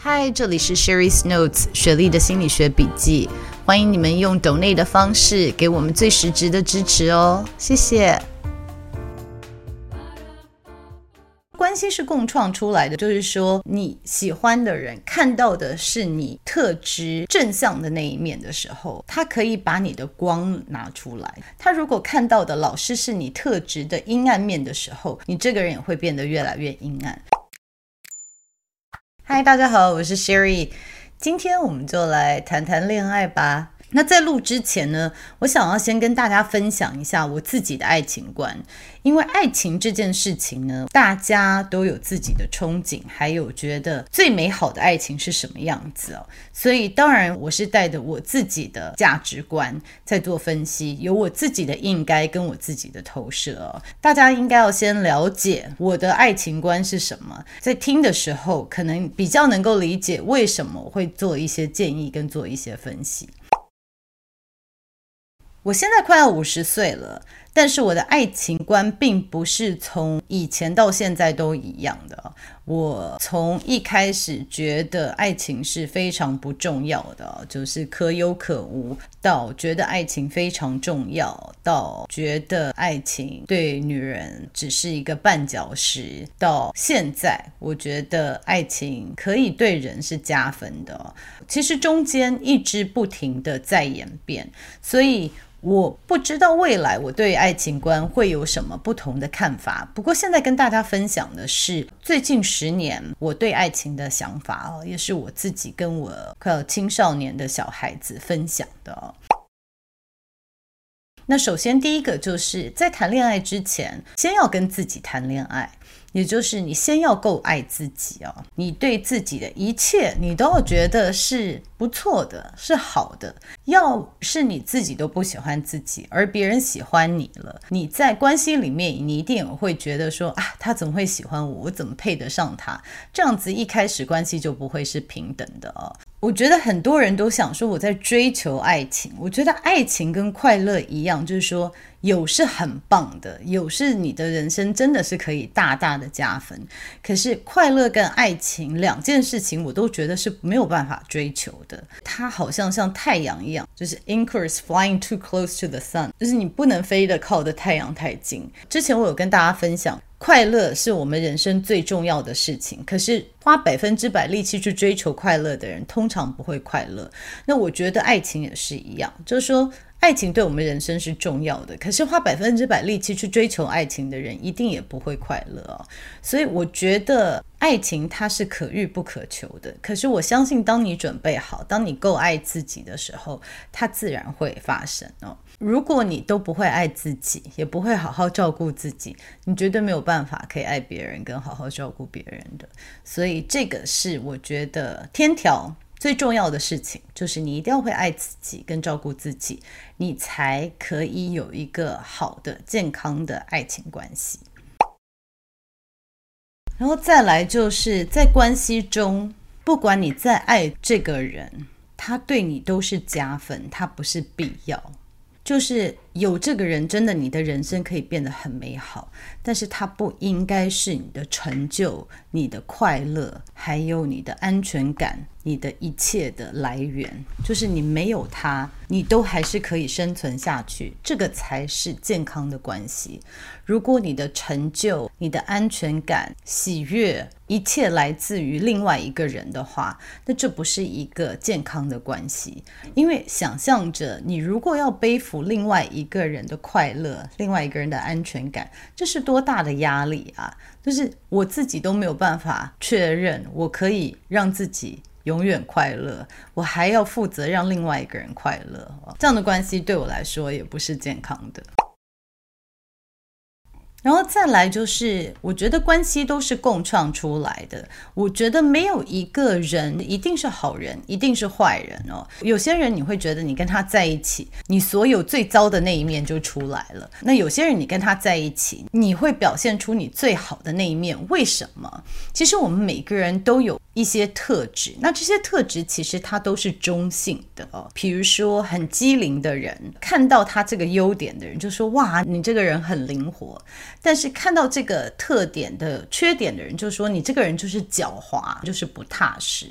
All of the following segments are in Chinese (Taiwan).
嗨，這裡是 Sherry's Notes 學歷的心理學筆記，歡迎你們用 donate 的方式給我們最實質的支持哦，謝謝。關係是共創出來的，就是說你喜歡的人看到的是你特質正向的那一面的時候，他可以把你的光拿出來；他如果看到的老師是你特質的陰暗面的時候，你這個人也會變得越來越陰暗。嗨，大家好，我是 s h e r r y 今天我們就來談談戀愛吧。那在錄之前呢，我想要先跟大家分享一下我自己的愛情觀，因為愛情這件事情呢，大家都有自己的憧憬，還有覺得最美好的愛情是什麼樣子哦。所以當然我是帶着我自己的價值觀在做分析，有我自己的應該跟我自己的投射哦。大家應該要先了解我的愛情觀是什麼，在聽的時候可能比較能夠理解為什麼會做一些建議跟做一些分析。我現在快要五十歲了。但是我的愛情觀並不是從以前到現在都一樣的。我從一開始覺得愛情是非常不重要的，就是可有可無；到覺得愛情非常重要；到覺得愛情對女人只是一個絆腳石；到現在，我覺得愛情可以對人是加分的。其實中間一直不停的在演變，所以。我不知道未來我對愛情觀會有什麼不同的看法。不過現在跟大家分享的是最近十年我對愛情的想法哦，也是我自己跟我快要青少年的小孩子分享的。那首先第一個就是在談戀愛之前，先要跟自己談戀愛。也就是你先要夠愛自己哦，你對自己的一切，你都要覺得是不錯的，是好的。要是你自己都不喜歡自己，而別人喜歡你了，你在關係裡面，你一定也會覺得說啊，他怎麼會喜歡我？我怎麼配得上他？這樣子一開始關係就不會是平等的哦。我覺得很多人都想說，我在追求愛情。我覺得愛情跟快樂一樣，就是說有是很棒的，有是你的人生真的是可以大大的加分。可是快樂跟愛情兩件事情，我都覺得是沒有辦法追求的。它好像像太陽一樣，就是 Icarus flying too close to the sun”，就是你不能飛得靠的太陽太近。之前我有跟大家分享。快樂是我們人生最重要的事情，可是花百分之百力氣去追求快樂的人，通常不會快樂。那我覺得愛情也是一樣，就是說，愛情對我們人生是重要的，可是花百分之百力氣去追求愛情的人，一定也不會快樂哦。所以我覺得愛情它是可遇不可求的。可是我相信，當你準備好，當你夠愛自己的時候，它自然會發生哦。如果你都不會愛自己，也不會好好照顧自己，你絕對沒有辦法可以愛別人跟好好照顧別人的。所以這個是我覺得天條。最重要的事情就是你一定要會愛自己跟照顧自己，你才可以有一個好的健康的愛情關係。然後再來就是在關係中，不管你再愛這個人，他對你都是加分，他不是必要，就是。有這個人，真的，你的人生可以變得很美好。但是，他不應該是你的成就、你的快樂、還有你的安全感、你的一切的來源。就是你沒有他，你都還是可以生存下去。這個才是健康的關係。如果你的成就、你的安全感、喜悅，一切來自於另外一個人的話，那這不是一個健康的關係。因為想象着你如果要背負另外一個一個人的快樂，另外一個人的安全感，這是多大的壓力啊！就是我自己都沒有辦法確認，我可以讓自己永遠快樂，我還要負責讓另外一個人快樂。這樣的關係對我來說也不是健康的。然後再來就是，我覺得關係都是共創出來的。我覺得沒有一個人一定是好人，一定是壞人哦。有些人你會覺得你跟他在一起，你所有最糟的那一面就出來了。那有些人你跟他在一起，你會表現出你最好的那一面。為什麼？其實我們每個人都有一些特質，那這些特質其實它都是中性的哦。比如說很機靈的人，看到他這個優點的人就說：哇，你這個人很靈活。但是看到這個特點的缺點的人，就說，你這個人就是狡猾，就是不踏實。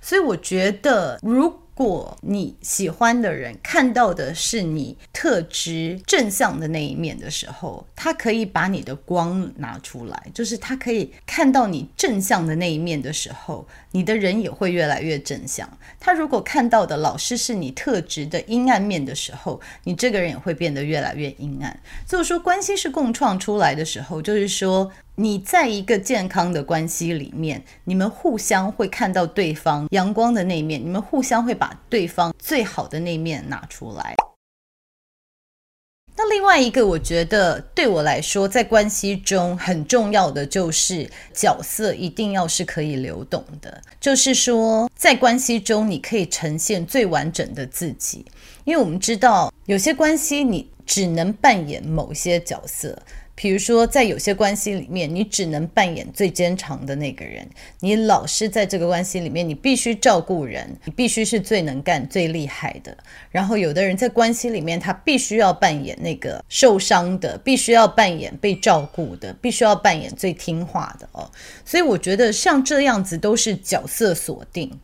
所以我覺得如。如果你喜歡的人看到的是你特質正向的那一面的時候，他可以把你的光拿出來，就是他可以看到你正向的那一面的時候，你的人也會越來越正向。他如果看到的老師是你特質的陰暗面的時候，你這個人也會變得越來越陰暗。所以說，關係是共創出來的時候，就是說。你在一個健康的關係裡面，你們互相會看到對方陽光的那一面，你們互相會把對方最好的那一面拿出來。那另外一個，我覺得對我來說，在關係中很重要的就是角色一定要是可以流動的，就是說在關係中你可以呈現最完整的自己，因為我們知道有些關係你，只能扮演某些角色，比如說在有些關係裡面，你只能扮演最堅強的那個人。你老是在這個關係裡面，你必須照顧人，你必須是最能幹、最厲害的。然後，有的人在關係裡面，他必須要扮演那個受傷的，必須要扮演被照顧的，必須要扮演最聽話的哦。所以，我覺得像這樣子都是角色鎖定。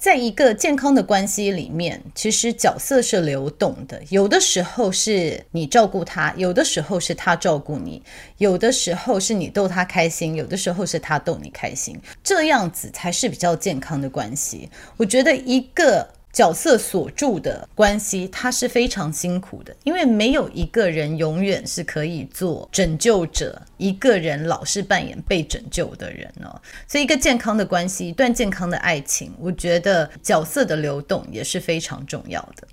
在一個健康的關係裡面，其實角色是流動的。有的時候是你照顧他，有的時候是他照顧你，有的時候是你逗他開心，有的時候是他逗你開心。這樣子才是比較健康的關係。我覺得一個。角色鎖住的關係，它是非常辛苦的，因為沒有一個人永遠是可以做拯救者，一個人老是扮演被拯救的人哦，所以，一個健康的關係，一段健康的愛情，我覺得角色的流動也是非常重要的。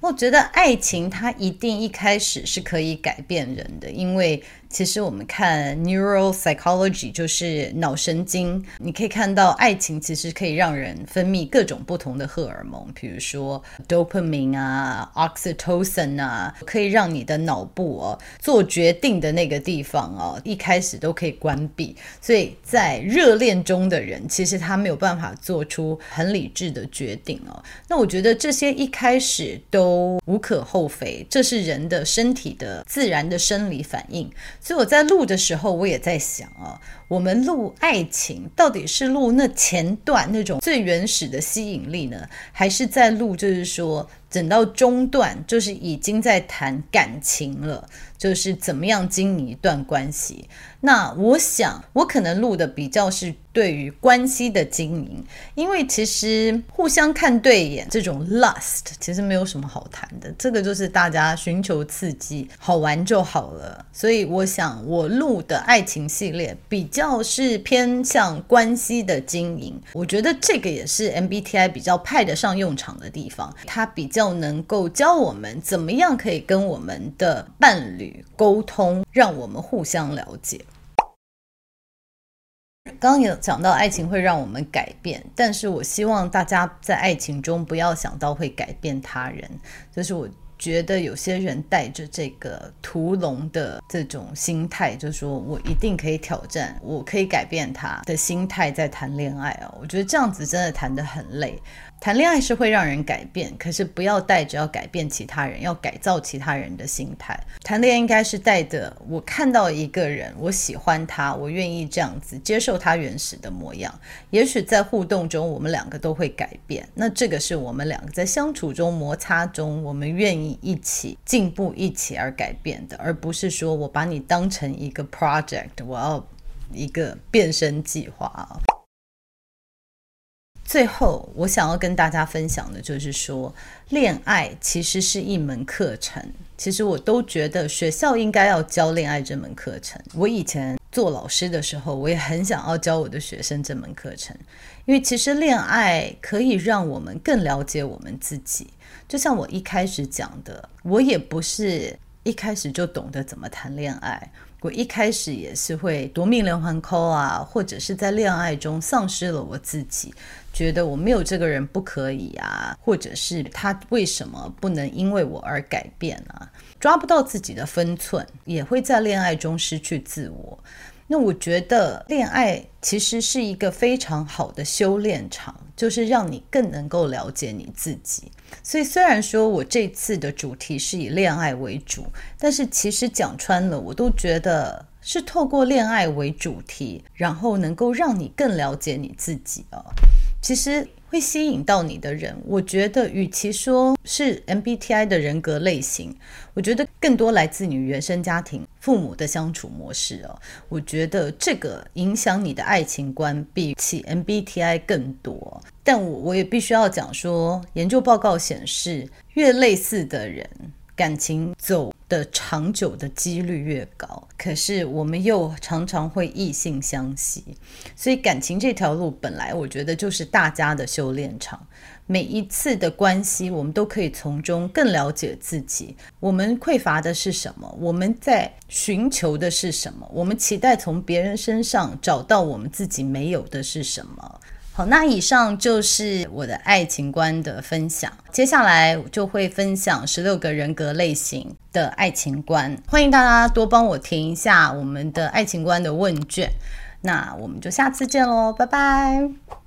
我覺得愛情它一定一開始是可以改變人的，因為。其實我們看 neural psychology 就是腦神經，你可以看到愛情其實可以讓人分泌各種不同的荷爾蒙，比如說 dopamine 啊、oxytocin 啊，可以讓你的腦部哦做決定的那個地方哦，一開始都可以關閉，所以在熱戀中的人其實他沒有辦法做出很理智的決定哦。那我覺得這些一開始都無可厚非，這是人的身體的自然的生理反應。所以我在錄的時候，我也在想啊，我們錄愛情到底是錄那前段那種最原始的吸引力呢？還是在錄就是說，等到中段，就是已經在談感情了，就是怎麼樣經營一段關係。那我想，我可能錄的比較是對於關係的經營，因為其實互相看對眼這種 lust 其實沒有什麼好談的，這個就是大家尋求刺激、好玩就好了。所以我想，我錄的愛情系列比較是偏向關係的經營，我覺得這個也是 MBTI 比較派得上用場的地方，它比較。要能夠教我們怎麼樣可以跟我們的伴侶溝通，讓我們互相了解。剛有講到愛情會讓我們改變，但是我希望大家在愛情中不要想到會改變他人，就是我。覺得有些人帶着這個屠龍的這種心態，就說“我一定可以挑戰，我可以改變他的心態，在談戀愛啊、哦。”我覺得這樣子真的談得很累。談戀愛是會讓人改變，可是不要帶着要改變其他人、要改造其他人的心態。談戀愛應該是帶着我看到一個人，我喜歡他，我願意這樣子接受他原始的模樣。也許在互動中，我們兩個都會改變。那這個是我們兩個在相處中、摩擦中，我們願意。你一起進步，一起而改變的，而不是說我把你當成一個 project，我要一個變身計劃啊。最後，我想要跟大家分享的就是說，戀愛其實是一門課程。其實我都覺得學校應該要教戀愛這門課程。我以前。做老師的時候，我也很想要教我的學生這門課程，因為其實戀愛可以讓我們更了解我們自己。就像我一開始講的，我也不是。一開始就懂得怎麼談戀愛，我一開始也是會奪命連環 call 啊，或者是在戀愛中喪失了我自己，覺得我沒有這個人不可以啊，或者是他為什麼不能因為我而改變啊，抓不到自己的分寸，也會在戀愛中失去自我。那我覺得戀愛其實是一個非常好的修煉場，就是讓你更能夠了解你自己。所以雖然說我這次的主題是以戀愛為主，但是其實講穿了，我都覺得是透過戀愛為主題，然後能夠讓你更了解你自己啊、哦。其實。會吸引到你的人，我覺得與其說是 MBTI 的人格類型，我覺得更多來自你原生家庭，父母的相處模式哦。我覺得這個影響你的愛情觀比起 MBTI 更多。但我我也必須要講說，研究報告顯示，越類似的人，感情走的長久的幾率越高，可是我們又常常會異性相吸，所以感情這條路本來我覺得就是大家的修煉場，每一次的關係我們都可以從中更了解自己，我們匱乏的是什麼，我們在尋求的是什麼，我們期待從別人身上找到我們自己沒有的是什麼。好，那以上就是我的愛情觀的分享，接下來我就會分享十六個人格類型的愛情觀，歡迎大家多幫我填一下我們的愛情觀的問卷，那我們就下次見嘍，拜拜。